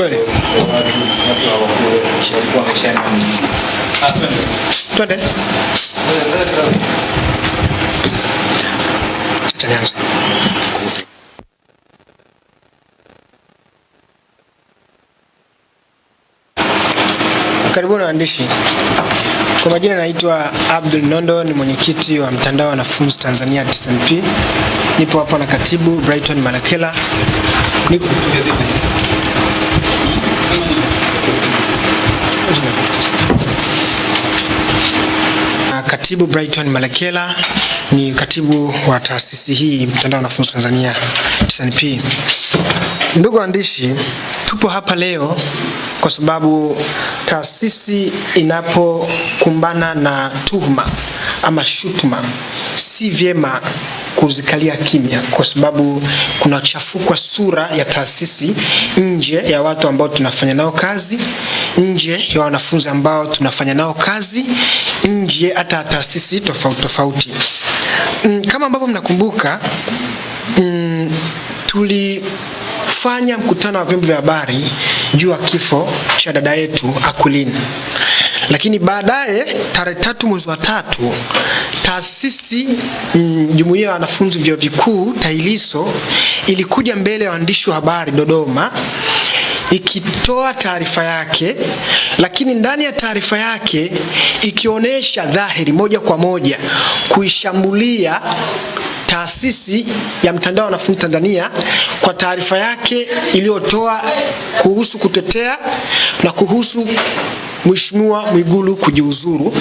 Kweli. Twende. Karibuni waandishi. Kwa majina naitwa Abdul Nondo, ni mwenyekiti wa mtandao wa wanafunzi Tanzania TSNP. Nipo hapa na katibu Brighton Malakela. Nipo Katibu Brighton Malekela ni katibu wa taasisi hii mtandao wa wanafunzi Tanzania TSNP. Ndugu waandishi, tupo hapa leo kwa sababu taasisi inapokumbana na tuhuma ama shutuma, si vyema kuzikalia kimya, kwa sababu kunachafukwa sura ya taasisi nje ya watu ambao tunafanya nao kazi, nje ya wanafunzi ambao tunafanya nao kazi, nje hata taasisi tofauti tofauti. Mm, kama ambavyo mnakumbuka, mm, tuli fanya mkutano wa vyombo vya habari juu ya kifo cha dada yetu Akwilina. Lakini baadaye tarehe tatu mwezi wa tatu taasisi mm, jumuiya ya wanafunzi vyuo vikuu TAHLISO ilikuja mbele ya waandishi wa habari Dodoma ikitoa taarifa yake, lakini ndani ya taarifa yake ikionyesha dhahiri moja kwa moja kuishambulia taasisi ya mtandao wa wanafunzi Tanzania kwa taarifa yake iliyotoa kuhusu kutetea na kuhusu Mheshimiwa Mwigulu kujiuzuru,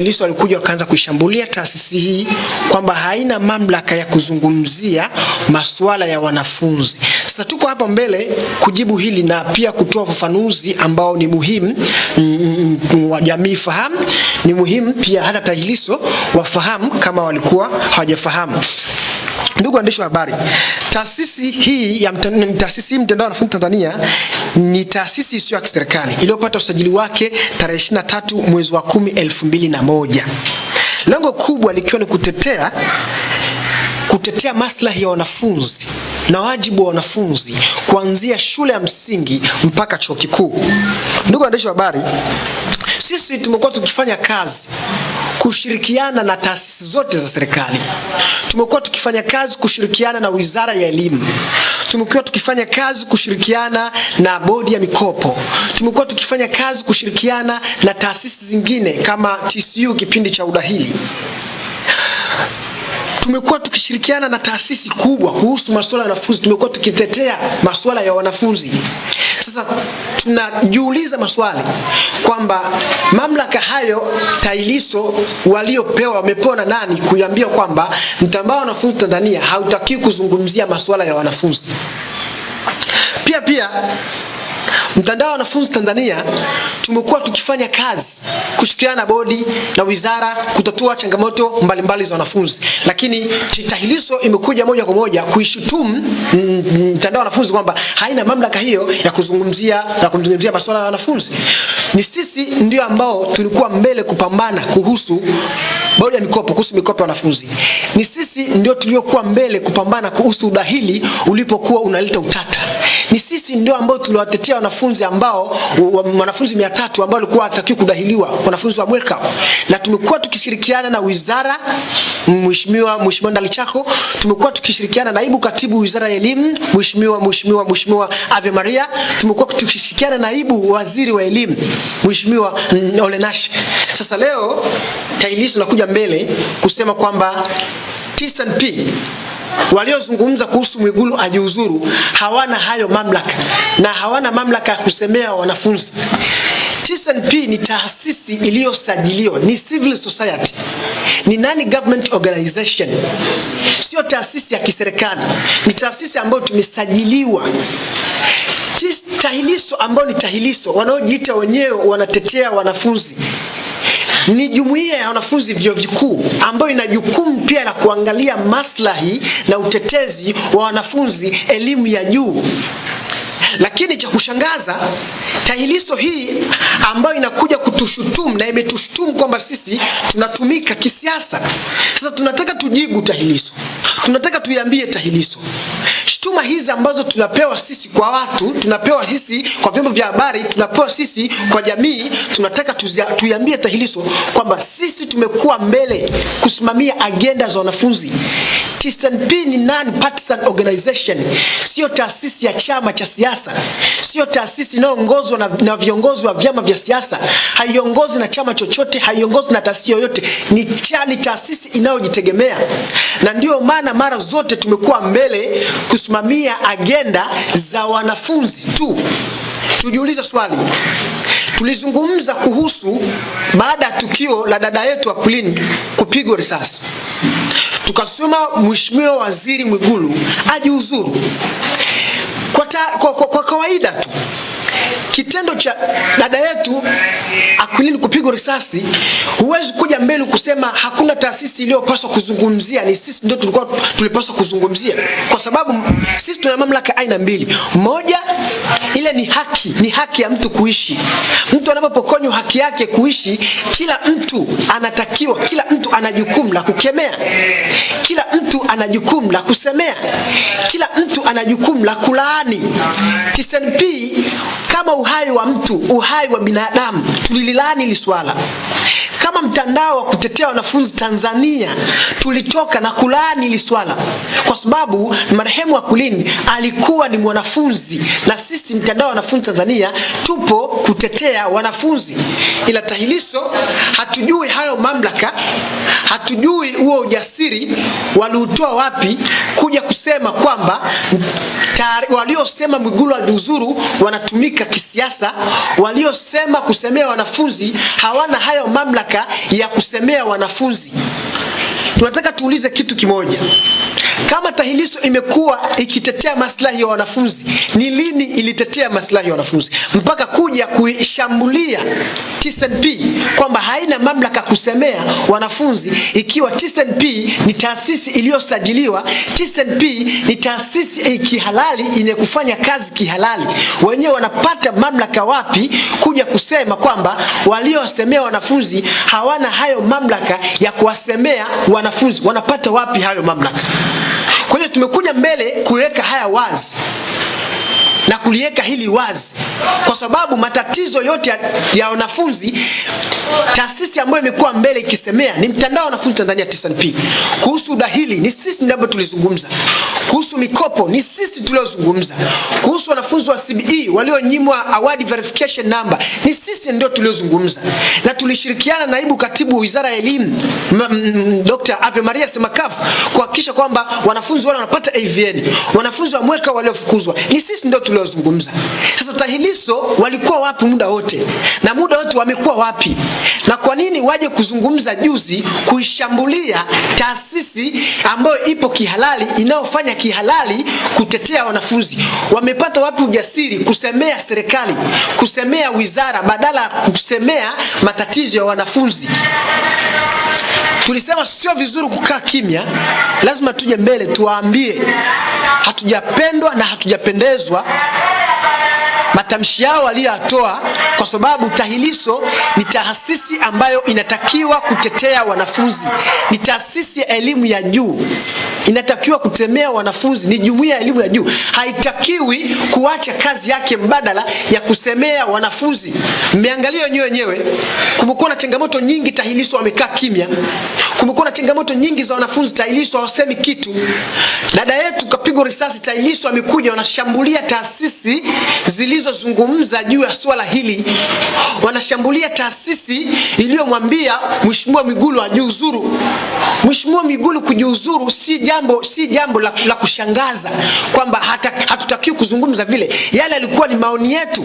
Lissu alikuja wakaanza kuishambulia taasisi hii kwamba haina mamlaka ya kuzungumzia masuala ya wanafunzi. Sasa tuko hapa mbele kujibu hili na pia kutoa ufafanuzi ambao ni muhimu mm, mm, mm, wa jamii fahamu, ni muhimu pia hata TAHI wafahamu kama walikuwa hawajafahamu. Ndugu waandishi wa habari, taasisi hii ya taasisi mtandao wa wanafunzi Tanzania ni taasisi isiyo ya kiserikali iliyopata usajili wake tarehe 23 mwezi wa 10 2001, lengo kubwa likiwa ni kutetea kutetea maslahi ya wanafunzi na wajibu wa wanafunzi kuanzia shule ya msingi mpaka chuo kikuu. Ndugu waandishi wa habari, sisi tumekuwa tukifanya kazi kushirikiana na taasisi zote za serikali. Tumekuwa tukifanya kazi kushirikiana na Wizara ya Elimu, tumekuwa tukifanya kazi kushirikiana na Bodi ya Mikopo, tumekuwa tukifanya kazi kushirikiana na taasisi zingine kama TCU kipindi cha udahili tumekuwa tukishirikiana na taasisi kubwa kuhusu masuala ya wanafunzi, tumekuwa tukitetea masuala ya wanafunzi. Sasa tunajiuliza maswali kwamba mamlaka hayo TAHLISO waliopewa wamepewa na nani kuiambia kwamba mtandao wa wanafunzi Tanzania hautaki kuzungumzia masuala ya wanafunzi pia pia Mtandao wa wanafunzi Tanzania tumekuwa tukifanya kazi kushirikiana na bodi na wizara kutatua changamoto mbalimbali mbali za wanafunzi, lakini TAHLISO imekuja moja kwa moja kuishutumu mtandao wa wanafunzi kwamba haina mamlaka hiyo ya kuzungumzia na kumzungumzia masuala ya wanafunzi. Ni sisi ndio ambao tulikuwa mbele kupambana kuhusu bodi ya mikopo, kuhusu mikopo ya wanafunzi. Ni sisi ndio tuliokuwa mbele kupambana kuhusu udahili ulipokuwa unaleta utata. Ni sisi ndio ambao tuliwatetea wanafunzi ambao wanafunzi 300 ambao walikuwa hatakiwi kudahiliwa, wanafunzi wa Bweka, na tumekuwa tukishirikiana na wizara, mheshimiwa mheshimiwa Ndalichako, tumekuwa tukishirikiana na naibu katibu wizara ya elimu, mheshimiwa mheshimiwa mheshimiwa Ave Maria, tumekuwa tukishirikiana na naibu waziri wa elimu, mheshimiwa Olenash. Sasa leo TAHLISI unakuja mbele kusema kwamba TSNP Waliozungumza kuhusu Mwigulu ajiuzuru hawana hayo mamlaka na hawana mamlaka ya kusemea wanafunzi. TSNP ni taasisi iliyosajiliwa, ni civil society, ni nani government organization, sio taasisi ya kiserikali, ni taasisi ambayo tumesajiliwa. Tahiliso ambao ni tahiliso wanaojiita wenyewe wanatetea wanafunzi ni jumuiya ya wanafunzi vyuo vikuu ambayo ina jukumu pia la kuangalia maslahi na utetezi wa wanafunzi elimu ya juu. Lakini cha kushangaza TAHILISO hii ambayo inakuja kutushutumu na imetushutumu kwamba sisi tunatumika kisiasa. Sasa tunataka tujibu TAHILISO, tunataka tuiambie TAHILISO shutuma hizi ambazo tunapewa sisi kwa watu, tunapewa sisi kwa vyombo vya habari, tunapewa sisi kwa jamii, tunataka tuiambie TAHILISO kwamba sisi tumekuwa mbele kusimamia agenda za wanafunzi. TSNP ni non-partisan organization, sio taasisi ya chama cha siasa siasa, sio taasisi inayoongozwa na, na viongozi wa vyama vya siasa, haiongozwi na chama chochote, haiongozwi na taasisi yoyote, ni, cha, ni taasisi inayojitegemea, na ndiyo maana mara zote tumekuwa mbele kusimamia agenda za wanafunzi tu. Tujiulize swali, tulizungumza kuhusu baada ya tukio la dada yetu Akwilina kupigwa risasi tukasema Mheshimiwa Waziri Mwigulu ajiuzuru kwa, ta, kwa, kwa, kwa kawaida tu kitendo cha dada yetu Aquiline kupigwa risasi, huwezi kuja mbele kusema hakuna taasisi iliyopaswa kuzungumzia, ni sisi ndio tulikuwa tulipaswa kuzungumzia, kwa sababu sisi tuna mamlaka aina mbili. Moja, ile ni haki, ni haki ya mtu kuishi. Mtu anapopokonywa haki yake kuishi, kila mtu anatakiwa, kila mtu ana jukumu la kukemea, kila mtu ana jukumu la kusemea, kila mtu ana jukumu la kulaani. TSNP kama uhai wa mtu, uhai wa binadamu, tulililaani swala. Kama mtandao wa kutetea wanafunzi Tanzania tulitoka na kulaani hili swala, kwa sababu marehemu Akwilina alikuwa ni mwanafunzi, na sisi mtandao wa wanafunzi Tanzania tupo kutetea wanafunzi, ila TAHILISO hatujui hayo mamlaka, hatujui huo ujasiri waliutoa wapi kuja kusema kwamba waliosema Mwigulu ajiuzuru wanatumika kisiasa, waliosema kusemea wanafunzi hawana hayo mamlaka ya kusemea wanafunzi tunataka tuulize kitu kimoja. Kama TAHLISO imekuwa ikitetea maslahi ya wanafunzi, ni lini ilitetea maslahi ya wanafunzi mpaka kuja kuishambulia TSNP kwamba haina mamlaka kusemea wanafunzi, ikiwa TSNP ni taasisi iliyosajiliwa? TSNP ni taasisi kihalali yenye kufanya kazi kihalali, wenyewe wanapata mamlaka wapi kuja kusema kwamba waliosemea wanafunzi hawana hayo mamlaka ya kuwasemea wa wanafunzi wanapata wapi hayo mamlaka? Kwa hiyo tumekuja mbele kuweka haya wazi na kuliweka hili wazi, kwa sababu matatizo yote ya, wanafunzi, taasisi ambayo imekuwa mbele ikisemea ni mtandao wa wanafunzi Tanzania TSNP. Kuhusu udahili ni sisi ndio tulizungumza, kuhusu mikopo ni sisi tuliozungumza, kuhusu wanafunzi wa CBE walionyimwa award verification number ni sisi ndio tuliozungumza, na tulishirikiana naibu katibu wizara ya elimu Dr. Ave Maria Semakafu kuhakikisha kwamba wanafunzi wale wanapata AVN, wanafunzi wa mweka waliofukuzwa ni sisi ndio ulilozungumza. Sasa TAHLISO walikuwa wapi muda wote, na muda wote wamekuwa wapi? Na kwa nini waje kuzungumza juzi kuishambulia taasisi ambayo ipo kihalali, inayofanya kihalali kutetea wanafunzi? Wamepata wapi ujasiri kusemea serikali, kusemea wizara, badala ya kusemea matatizo ya wanafunzi? Tulisema sio vizuri kukaa kimya, lazima tuje mbele tuwaambie hatujapendwa na hatujapendezwa Yeah. Matamshi yao aliyoyatoa kwa sababu TAHILISO ni taasisi ambayo inatakiwa kutetea wanafunzi, ni taasisi ya elimu ya juu, inatakiwa kutemea wanafunzi, ni jumuiya ya elimu ya juu, haitakiwi kuacha kazi yake mbadala ya kusemea wanafunzi. Mmeangalia wenyewe wenyewe, kumekuwa na changamoto nyingi, TAHILISO wamekaa kimya. Kumekuwa na changamoto nyingi za wanafunzi, TAHILISO hawasemi kitu. Dada yetu kapigwa risasi, TAHILISO amekuja wanashambulia taasisi zilizo zungumza juu ya swala hili wanashambulia taasisi iliyomwambia Mheshimiwa Mwigulu ajiuzuru. Mheshimiwa Mwigulu kujiuzuru si jambo, si jambo la, la kushangaza kwamba hatutakiwi kuzungumza vile. Yale alikuwa ni maoni yetu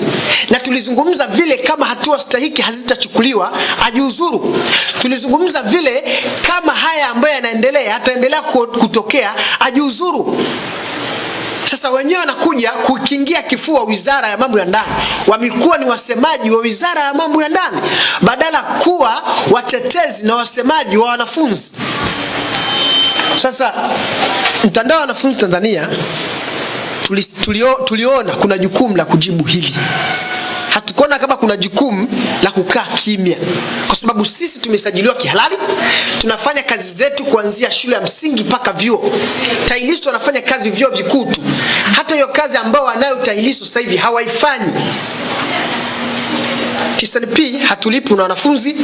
na tulizungumza vile, kama hatua stahiki hazitachukuliwa ajiuzuru. Tulizungumza vile, kama haya ambayo yanaendelea yataendelea kutokea ajiuzuru. Sasa wenyewe wanakuja kukingia kifua wizara ya mambo ya ndani, wamekuwa ni wasemaji wa wizara ya mambo ya ndani badala kuwa watetezi na wasemaji wa wanafunzi. Sasa mtandao wa wanafunzi Tanzania tuli, tulio, tuliona kuna jukumu la kujibu hili hatukuona kama kuna jukumu la kukaa kimya, kwa sababu sisi tumesajiliwa kihalali, tunafanya kazi zetu kuanzia shule ya msingi mpaka vyuo. TAHLISO wanafanya kazi vyuo vikuu tu, hata hiyo kazi ambao wanayo TAHLISO sasa hivi hawaifanyi. TSNP hatulipi na wanafunzi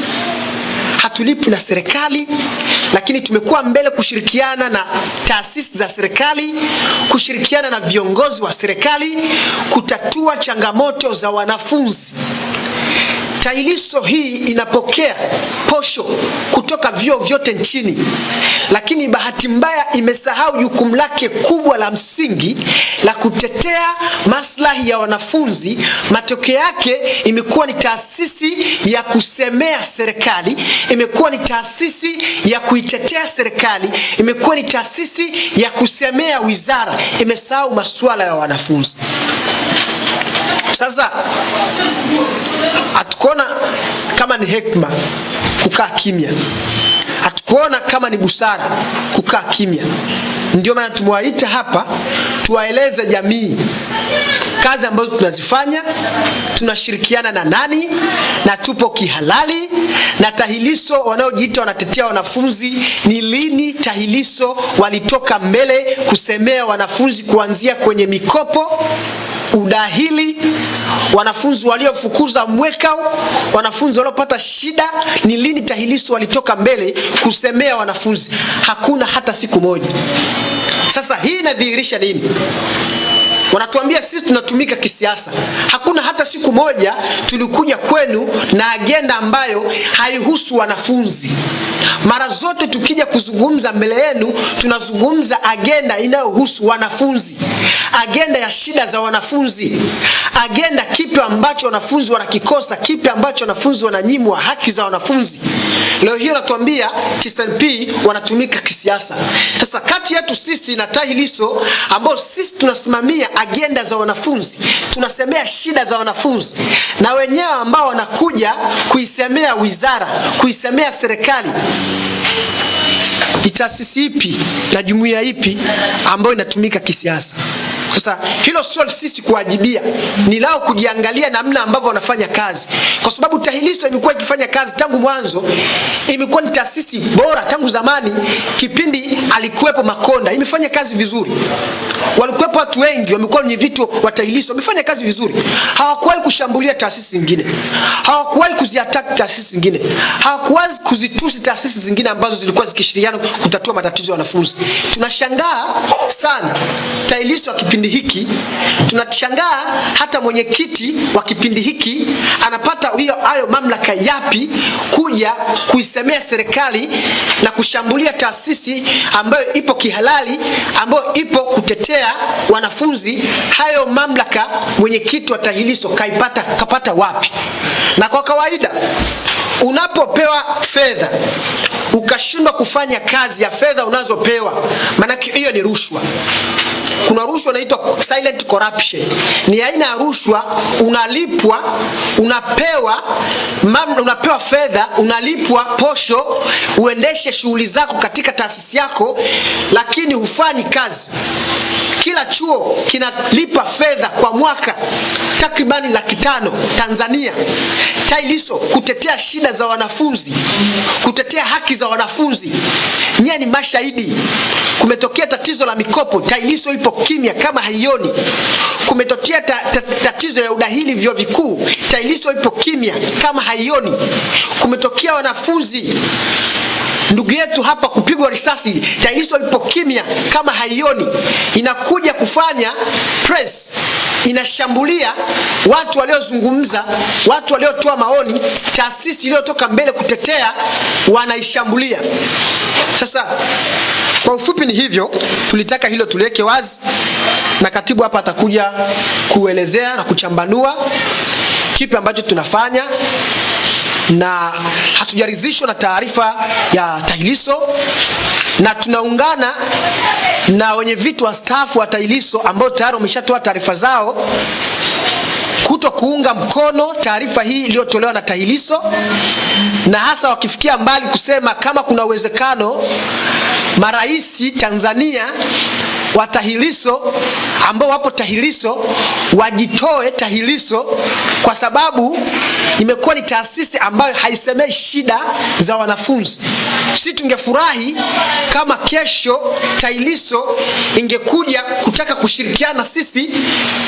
hatulipwi na serikali, lakini tumekuwa mbele kushirikiana na taasisi za serikali, kushirikiana na viongozi wa serikali kutatua changamoto za wanafunzi. TAHLISO hii inapokea posho kutoka vyuo vyote nchini, lakini bahati mbaya imesahau jukumu lake kubwa la msingi la kutetea maslahi ya wanafunzi. Matokeo yake imekuwa ni taasisi ya kusemea serikali, imekuwa ni taasisi ya kuitetea serikali, imekuwa ni taasisi ya kusemea wizara, imesahau masuala ya wanafunzi. Sasa hatukuona kama ni hekima kukaa kimya, hatukuona kama ni busara kukaa kimya. Ndio maana tumewaita hapa tuwaeleze jamii kazi ambazo tunazifanya, tunashirikiana na nani, na tupo kihalali. Na TAHILISO wanaojiita wanatetea wanafunzi, ni lini TAHILISO walitoka mbele kusemea wanafunzi kuanzia kwenye mikopo, udahili wanafunzi waliofukuza mweka wanafunzi waliopata shida. Ni lini TAHILISO walitoka mbele kusemea wanafunzi? Hakuna hata siku moja. Sasa hii inadhihirisha nini? Wanatuambia sisi tunatumika kisiasa. Hakuna hata siku moja tulikuja kwenu na agenda ambayo haihusu wanafunzi. Mara zote tukija kuzungumza mbele yenu, tunazungumza agenda inayohusu wanafunzi, agenda ya shida za wanafunzi, agenda kipi ambacho wanafunzi wanakikosa, kipi ambacho wanafunzi wananyimwa, haki za wanafunzi. Leo hiyo natuambia TSNP wanatumika kisiasa. Sasa kati yetu sisi na Tahiliso ambao sisi tunasimamia ajenda za wanafunzi, tunasemea shida za wanafunzi na wenyewe ambao wanakuja kuisemea wizara, kuisemea serikali. Ni taasisi ipi na jumuiya ipi ambayo inatumika kisiasa? Sasa hilo sio sisi kuwajibia, ni lao kujiangalia namna ambavyo wanafanya kazi, kwa sababu TAHILISO imekuwa ikifanya kazi tangu mwanzo, imekuwa ni taasisi bora tangu zamani. Kipindi alikuwepo Makonda imefanya kazi vizuri, walikuwepo watu wengi, wamekuwa ni vitu wa TAHILISO wamefanya kazi vizuri, hawakuwahi kushambulia taasisi nyingine, hawakuwahi kuziattack taasisi nyingine, hawakuwahi kuzitusi taasisi zingine ambazo zilikuwa zikishirikiana kutatua matatizo ya wanafunzi. Tunashangaa sana TAHILISO kipindi kipindi hiki tunashangaa, hata mwenyekiti wa kipindi hiki anapata hiyo ayo mamlaka yapi kuja kuisemea serikali na kushambulia taasisi ambayo ipo kihalali, ambayo ipo kutetea wanafunzi. Hayo mamlaka mwenyekiti wa TAHILISO kaipata, kapata wapi? Na kwa kawaida unapopewa fedha ukashindwa kufanya kazi ya fedha unazopewa, maanake hiyo ni rushwa. Kuna rushwa inaitwa silent corruption, ni aina ya rushwa unalipwa, unapewa mam, unapewa fedha, unalipwa posho uendeshe shughuli zako katika taasisi yako, lakini hufanyi kazi. Kila chuo kinalipa fedha kwa mwaka takribani laki tano Tanzania TAILISO kutetea shida za wanafunzi, kutetea haki za wanafunzi. Nyie ni mashahidi. Kumetokea tatizo la mikopo, TAILISO ipo kimya kama haioni. Kumetokea ta, ta, tatizo ya udahili vyuo vikuu, TAILISO ipo kimya kama haioni. Kumetokea wanafunzi ndugu yetu hapa kupigwa risasi, TAILISO ipo kimya kama haioni. Inaku inakuja kufanya press inashambulia watu waliozungumza, watu waliotoa maoni, taasisi iliyotoka mbele kutetea wanaishambulia. Sasa kwa ufupi ni hivyo, tulitaka hilo tuliweke wazi, na katibu hapa atakuja kuelezea na kuchambanua kipi ambacho tunafanya na hatujaridhishwa na taarifa ya TAHLISO na tunaungana na wenye viti staff wa TAHLISO ambao tayari wameshatoa taarifa zao kuto kuunga mkono taarifa hii iliyotolewa na TAHLISO na hasa wakifikia mbali kusema kama kuna uwezekano maraisi Tanzania wa TAHLISO ambao wapo TAHLISO wajitoe TAHLISO kwa sababu imekuwa ni taasisi ambayo haisemei shida za wanafunzi. Sisi tungefurahi kama kesho TAHLISO ingekuja kutaka kushirikiana na sisi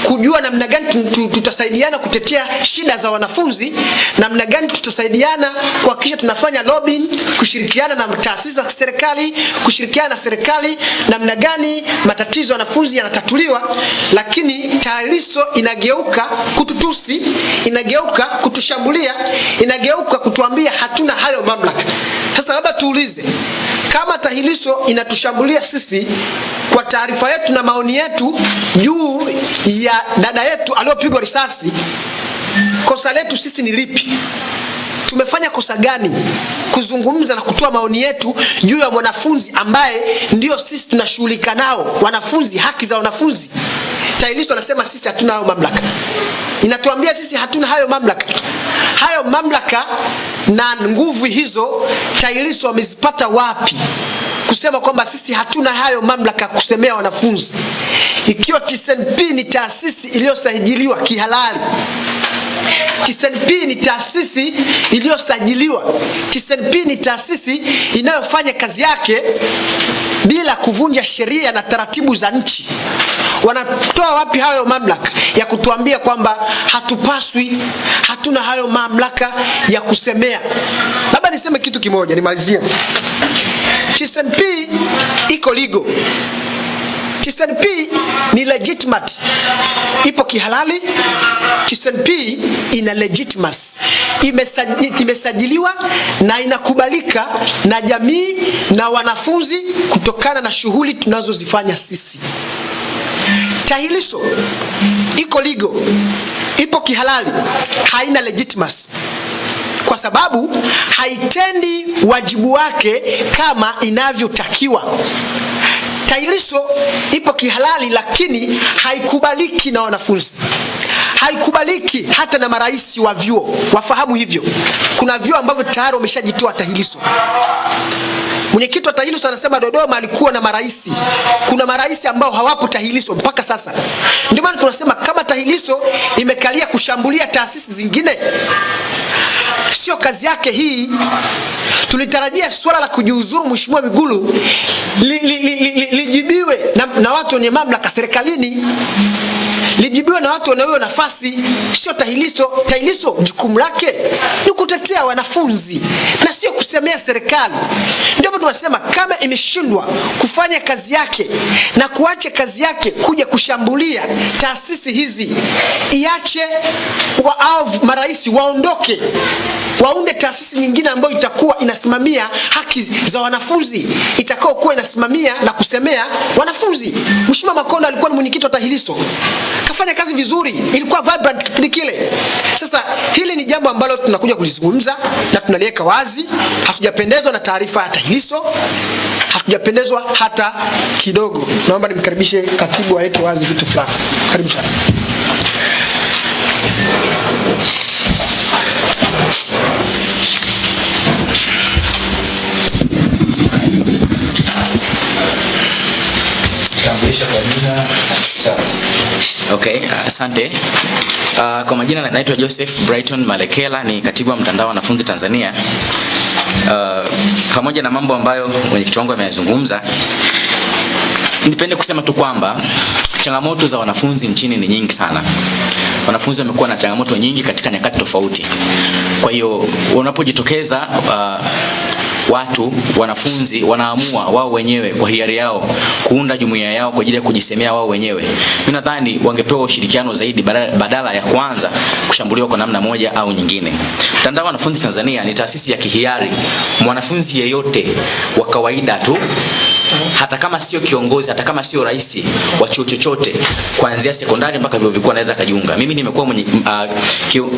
kujua namna gani tutasaidiana kutetea shida za wanafunzi, namna gani tutasaidiana kuhakikisha tunafanya lobbying, kushirikiana na taasisi za serikali, kushirikiana na serikali, namna gani matatizo ya wanafunzi yanatatuliwa. Lakini TAHLISO inageuka kututusi, inageuka kutusha kutushambulia inageuka kutuambia hatuna hayo mamlaka. Sasa labda tuulize, kama TAHILISO inatushambulia sisi kwa taarifa yetu na maoni yetu juu ya dada yetu aliyopigwa risasi, kosa letu sisi ni lipi? Tumefanya kosa gani kuzungumza na kutoa maoni yetu juu ya mwanafunzi ambaye ndio sisi tunashughulika nao, wanafunzi, haki za wanafunzi? TAHLISO anasema sisi hatuna hayo mamlaka, inatuambia sisi hatuna hayo mamlaka. Hayo mamlaka na nguvu hizo TAHLISO wamezipata wapi kusema kwamba sisi hatuna hayo mamlaka kusemea wanafunzi, ikiwa TSNP ni taasisi iliyosajiliwa kihalali TSNP ni taasisi iliyosajiliwa. TSNP ni taasisi inayofanya kazi yake bila kuvunja sheria na taratibu za nchi. Wanatoa wapi hayo mamlaka ya kutuambia kwamba hatupaswi, hatuna hayo mamlaka ya kusemea? Labda niseme kitu kimoja, nimalizie. TSNP iko legal P ni legitimate, ipo kihalali. P ina legitimacy, imesajiliwa na inakubalika na jamii na wanafunzi kutokana na shughuli tunazozifanya sisi. TAHILISO iko ligo ipo kihalali, haina legitimacy kwa sababu haitendi wajibu wake kama inavyotakiwa. TAHLISO ipo kihalali, lakini haikubaliki na wanafunzi, haikubaliki hata na marais wa vyuo. Wafahamu hivyo, kuna vyuo ambavyo tayari wameshajitoa TAHLISO. Mwenyekiti wa TAHLISO anasema Dodoma alikuwa na maraisi, kuna maraisi ambao hawapo TAHLISO mpaka sasa. Ndio maana tunasema kama TAHLISO imekalia kushambulia taasisi zingine sio kazi yake hii. Tulitarajia swala la kujiuzuru Mheshimiwa Mwigulu lijibiwe li, li, li, li, na, na watu wenye mamlaka serikalini lijibiwa na watu wanaoyo nafasi, sio Tahiliso. Tahiliso jukumu lake ni kutetea wanafunzi na sio kusemea serikali. Ndio tunasema kama imeshindwa kufanya kazi yake na kuacha kazi yake kuja kushambulia taasisi hizi, iache waavu marais waondoke, waunde taasisi nyingine ambayo itakuwa inasimamia haki za wanafunzi, itakao kuwa inasimamia na kusemea wanafunzi. Mheshimiwa Makonda alikuwa ni mwenyekiti wa Tahiliso akafanya kazi vizuri, ilikuwa vibrant kipindi kile. Sasa hili ni jambo ambalo tunakuja kulizungumza na tunaliweka wazi. Hatujapendezwa na taarifa ya hizo, hatujapendezwa hata kidogo. Naomba nimkaribishe katibu aweke wazi vitu fulani. Karibu sana. Okay, uh, asante. Uh, kwa majina naitwa Joseph Brighton Malekela ni katibu wa mtandao wa wanafunzi Tanzania. Uh, pamoja na mambo ambayo mwenyekiti wangu ameyazungumza, nipende kusema tu kwamba changamoto za wanafunzi nchini ni nyingi sana. Wanafunzi wamekuwa na changamoto nyingi katika nyakati tofauti. Kwa hiyo unapojitokeza uh, watu wanafunzi wanaamua wao wenyewe kwa hiari yao kuunda jumuiya yao kwa ajili ya kujisemea wao wenyewe. Mimi nadhani wangepewa ushirikiano zaidi badala ya kwanza kushambuliwa kwa namna moja au nyingine. Mtandao wa Wanafunzi Tanzania ni taasisi ya kihiari. Mwanafunzi yeyote wa kawaida tu hata kama sio kiongozi, hata kama sio rais wa chuo chochote, kuanzia sekondari mpaka vyuo vikuu anaweza kujiunga. Mimi nimekuwa mwenye uh,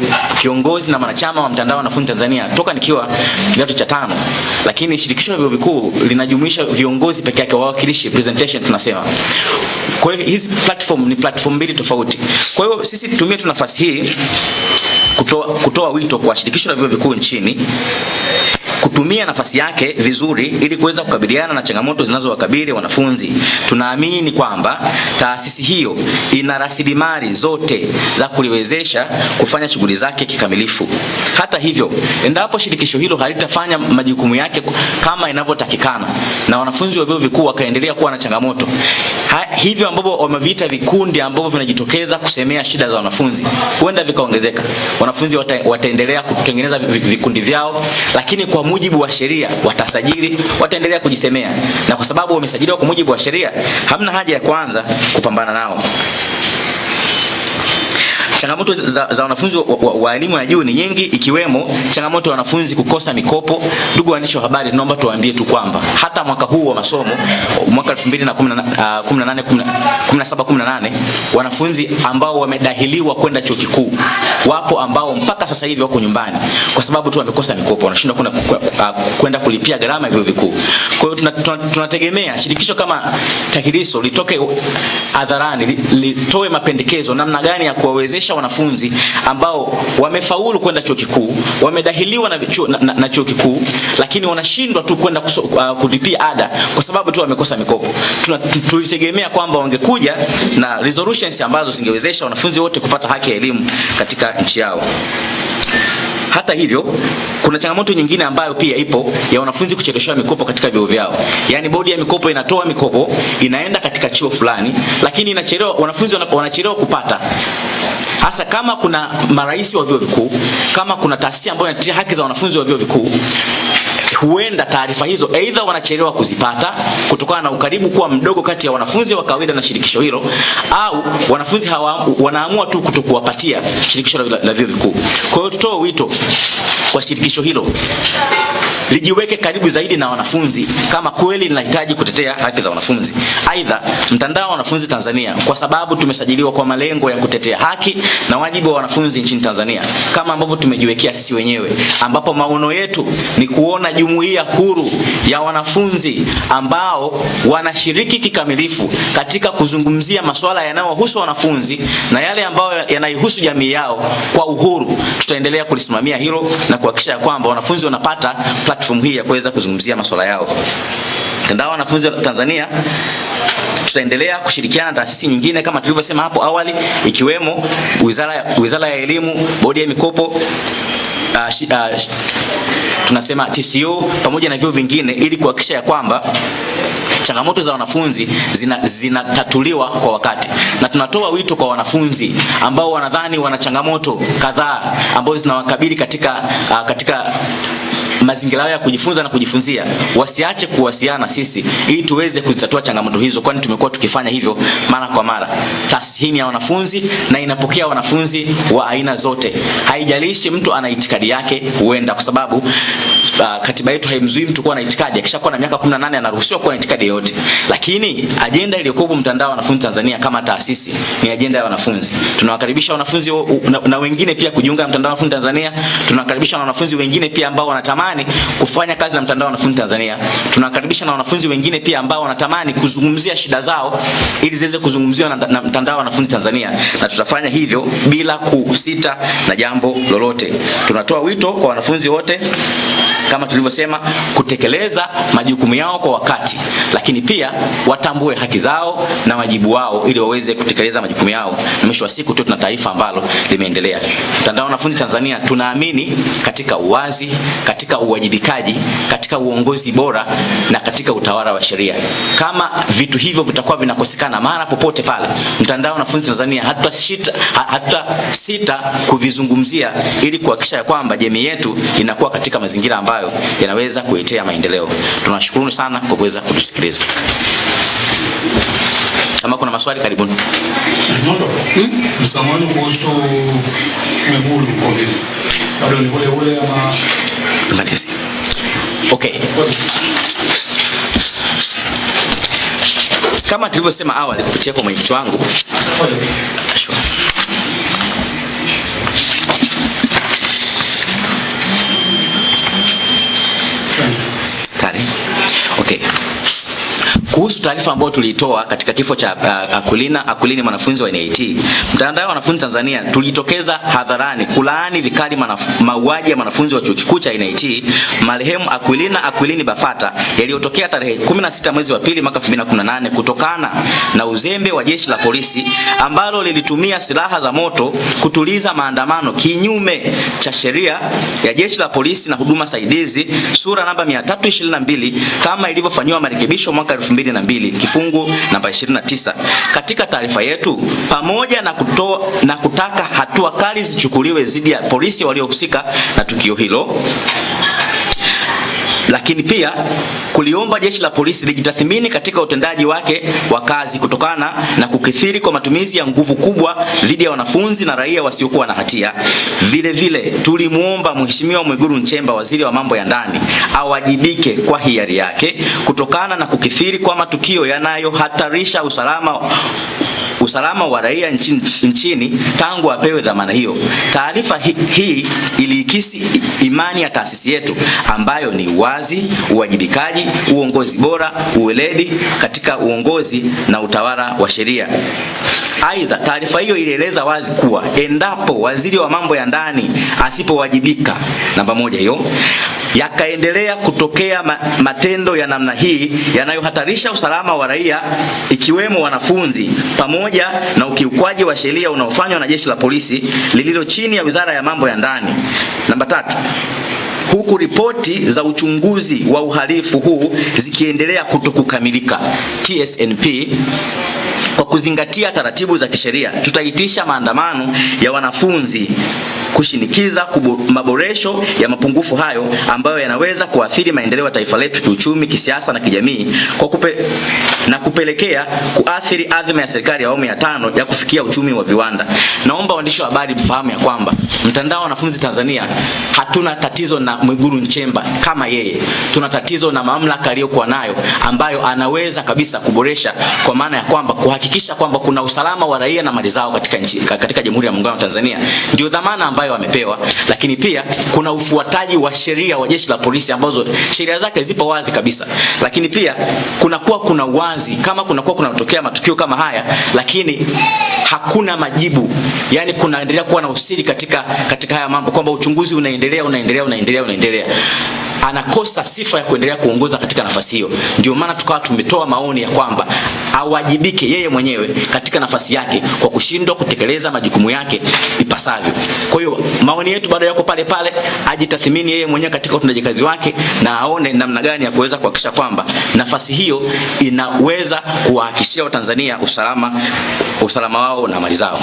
kiongozi na mwanachama wa mtandao wa wanafunzi Tanzania toka nikiwa kidato cha tano, lakini shirikisho la vyuo vikuu linajumuisha viongozi peke yake, wawakilishi presentation tunasema. Kwa hiyo hizi platform ni platform mbili tofauti. Kwa hiyo sisi tutumie tu nafasi hii kutoa, kutoa wito kwa shirikisho la vyuo vikuu nchini kutumia nafasi yake vizuri ili kuweza kukabiliana na changamoto zinazowakabili wanafunzi. Tunaamini kwamba taasisi hiyo ina rasilimali zote za kuliwezesha kufanya shughuli zake kikamilifu. Hata hivyo, endapo shirikisho hilo halitafanya majukumu yake kama inavyotakikana na wanafunzi wa vyuo vikuu wakaendelea kuwa na changamoto ha, hivyo ambapo wameviita vikundi ambavyo vinajitokeza kusemea shida za wanafunzi huenda vikaongezeka. Wanafunzi wata, wataendelea kutengeneza vikundi vyao, lakini kwa mujibu wa sheria watasajili, wataendelea kujisemea, na kwa sababu wamesajiliwa kwa mujibu wa sheria, hamna haja ya kwanza kupambana nao. Changamoto za, za wanafunzi wa, wa, wa elimu ya juu ni nyingi, ikiwemo changamoto ya wanafunzi kukosa mikopo. Ndugu waandishi wa habari, tunaomba tuwaambie tu kwamba hata mwaka huu wa masomo mwaka 2018 uh, 17 18 wanafunzi ambao wamedahiliwa kwenda chuo kikuu wapo ambao mpaka sasa hivi wako nyumbani kwa sababu tu wamekosa mikopo, wanashindwa kwenda ah, kwenda kulipia gharama ya vikuu. Kwa hiyo tunategemea shirikisho kama TAHLISO litoke hadharani, litoe mapendekezo namna gani ya kuwawezesha kuwasomesha wanafunzi ambao wamefaulu kwenda chuo kikuu, wamedahiliwa na, chuo, na, na, na chuo kikuu, lakini wanashindwa tu kwenda uh, kulipia ada kwa sababu tu wamekosa mikopo. Tulitegemea kwamba wangekuja na resolutions ambazo zingewezesha wanafunzi wote kupata haki ya elimu katika nchi yao. Hata hivyo kuna changamoto nyingine ambayo pia ipo ya wanafunzi kucheleshwa mikopo katika vyuo vyao. Yaani bodi ya mikopo inatoa mikopo inaenda katika chuo fulani, lakini inachelewa, wanafunzi wanachelewa kupata hasa kama kuna marais wa vyuo vikuu, kama kuna taasisi ambayo inatetea haki za wanafunzi wa vyuo vikuu, huenda taarifa hizo aidha wanachelewa kuzipata kutokana na ukaribu kuwa mdogo kati ya wanafunzi wa kawaida na shirikisho hilo, au wanafunzi hawa wanaamua tu kutokuwapatia shirikisho la vyuo vikuu. Kwa hiyo tutoe wito kwa shirikisho hilo lijiweke karibu zaidi na wanafunzi kama kweli linahitaji kutetea haki za wanafunzi. Aidha, mtandao wa wanafunzi Tanzania, kwa sababu tumesajiliwa kwa malengo ya kutetea haki na wajibu wa wanafunzi nchini Tanzania kama ambavyo tumejiwekea sisi wenyewe, ambapo maono yetu ni kuona jumuiya huru ya wanafunzi ambao wanashiriki kikamilifu katika kuzungumzia masuala yanayohusu wanafunzi na yale ambayo yanaihusu jamii yao kwa uhuru. Tutaendelea kulisimamia hilo na kuhakikisha kwamba wanafunzi wanapata platform hii ya kuweza kuzungumzia masuala yao. Mtandao wa wanafunzi wa Tanzania tutaendelea kushirikiana na taasisi nyingine kama tulivyosema hapo awali, ikiwemo Wizara, Wizara ya Elimu, Bodi ya Mikopo Uh, sh, uh, sh, tunasema TCU pamoja na vyuo vingine ili kuhakikisha ya kwamba changamoto za wanafunzi zinatatuliwa zina kwa wakati, na tunatoa wito kwa wanafunzi ambao wanadhani wana changamoto kadhaa ambazo zinawakabili katika, uh, katika mazingira ya kujifunza na kujifunzia, wasiache kuwasiliana sisi ili tuweze kuzitatua changamoto hizo, kwani tumekuwa tukifanya hivyo mara kwa mara. Tasihini ya wanafunzi na inapokea wanafunzi wa aina zote, haijalishi mtu ana itikadi yake huenda, kwa sababu uh, katiba yetu haimzuii mtu kuwa na itikadi. Akishakuwa na miaka 18 anaruhusiwa kuwa na itikadi yoyote, lakini ajenda iliyokuwa mtandao wa wanafunzi Tanzania kama taasisi ni ajenda ya wanafunzi. Tunawakaribisha wanafunzi na, na wengine pia kujiunga na mtandao wa wanafunzi Tanzania. Tunawakaribisha na wanafunzi wengine pia ambao wanatamani wanatamani kufanya kazi na mtandao wa wanafunzi Tanzania. Tunakaribisha na wanafunzi wengine pia ambao wanatamani kuzungumzia shida zao ili ziweze kuzungumziwa na, na mtandao wa wanafunzi Tanzania, na tutafanya hivyo bila kusita na jambo lolote. Tunatoa wito kwa wanafunzi wote kama tulivyosema, kutekeleza majukumu yao kwa wakati, lakini pia watambue haki zao na wajibu wao ili waweze kutekeleza majukumu yao, na mwisho wa siku tu tuna taifa ambalo limeendelea. Mtandao Wanafunzi Tanzania tunaamini katika uwazi, katika uwajibikaji, katika uongozi bora na katika utawala wa sheria. Kama vitu hivyo vitakuwa vinakosekana mara popote pale, Mtandao Wanafunzi Tanzania hatuta hatutasita hatuta sita kuvizungumzia ili kuhakikisha kwamba jamii yetu inakuwa katika mazingira ambayo ambayo yanaweza kuletea maendeleo. Tunashukuru sana kwa kuweza kutusikiliza. Kama kuna maswali karibuni. Hmm? Msamani kuhusu ni Okay. Kama tulivyosema awali kupitia kwa mwenyekiti wangu kuhusu taarifa ambayo tulitoa katika kifo cha uh, Akulina Akulini mwanafunzi wa NIT, mtandao wa wanafunzi Tanzania tulijitokeza hadharani kulaani vikali mauaji ya mwanafunzi wa chuo kikuu cha NIT marehemu Akulina Akulini Bafata yaliyotokea tarehe 16 mwezi wa pili mwaka 2018 kutokana na uzembe wa jeshi la polisi ambalo lilitumia silaha za moto kutuliza maandamano kinyume cha sheria ya jeshi la polisi na huduma saidizi sura namba 322 kama ilivyofanywa marekebisho mwaka 2000 na mbili, kifungu namba 29 katika taarifa yetu, pamoja na, kuto, na kutaka hatua kali zichukuliwe dhidi ya polisi waliohusika na tukio hilo. Lakini pia kuliomba jeshi la polisi lijitathmini katika utendaji wake wa kazi kutokana na kukithiri kwa matumizi ya nguvu kubwa dhidi ya wanafunzi na raia wasiokuwa na hatia. Vile vile tulimwomba Mheshimiwa Mwigulu Nchemba, waziri wa mambo ya ndani, awajibike kwa hiari yake kutokana na kukithiri kwa matukio yanayohatarisha usalama usalama wa raia nchini, nchini tangu apewe dhamana hiyo. Taarifa hii hi iliikisi imani ya taasisi yetu ambayo ni wazi, uwajibikaji, uongozi bora, uweledi katika uongozi na utawala wa sheria. Aidha, taarifa hiyo ilieleza wazi kuwa endapo waziri wa mambo ya ndani asipowajibika, namba moja hiyo, yakaendelea kutokea matendo ya namna hii yanayohatarisha usalama wa raia ikiwemo wanafunzi, pamoja na ukiukwaji wa sheria unaofanywa na jeshi la polisi lililo chini ya Wizara ya Mambo ya Ndani. Namba tatu, huku ripoti za uchunguzi wa uhalifu huu zikiendelea kutokukamilika, TSNP kwa kuzingatia taratibu za kisheria, tutaitisha maandamano ya wanafunzi kushinikiza maboresho ya mapungufu hayo ambayo yanaweza kuathiri maendeleo ya taifa letu kiuchumi, kisiasa na kijamii kwa kupe, na kupelekea kuathiri adhima ya serikali ya awamu ya tano ya kufikia uchumi wa viwanda. Naomba waandishi wa habari mfahamu ya kwamba mtandao wa wanafunzi Tanzania hatuna tatizo na Mwigulu Nchemba kama yeye, tuna tatizo na mamlaka aliyokuwa nayo ambayo anaweza kabisa kuboresha, kwa maana ya kwamba kwa kuhakikisha kwamba kuna usalama wa raia na mali zao katika nchi, katika Jamhuri ya Muungano wa Tanzania, ndio dhamana ambayo wamepewa. Lakini pia kuna ufuataji wa sheria wa jeshi la polisi ambazo sheria zake zipo wazi kabisa, lakini pia kunakuwa kuna uwazi kama kunakuwa kunatokea matukio kama haya, lakini hakuna majibu, yani kunaendelea kuwa na usiri katika, katika haya mambo kwamba uchunguzi unaendelea unaendelea unaendelea unaendelea anakosa sifa ya kuendelea kuongoza katika nafasi hiyo. Ndio maana tukawa tumetoa maoni ya kwamba awajibike yeye mwenyewe katika nafasi yake kwa kushindwa kutekeleza majukumu yake ipasavyo. Kwa hiyo maoni yetu bado yako pale pale, ajitathimini yeye mwenyewe katika utendaji kazi wake na aone namna gani ya kuweza kuhakikisha kwamba nafasi hiyo inaweza kuwahakikishia Watanzania usalama usalama wao na mali zao.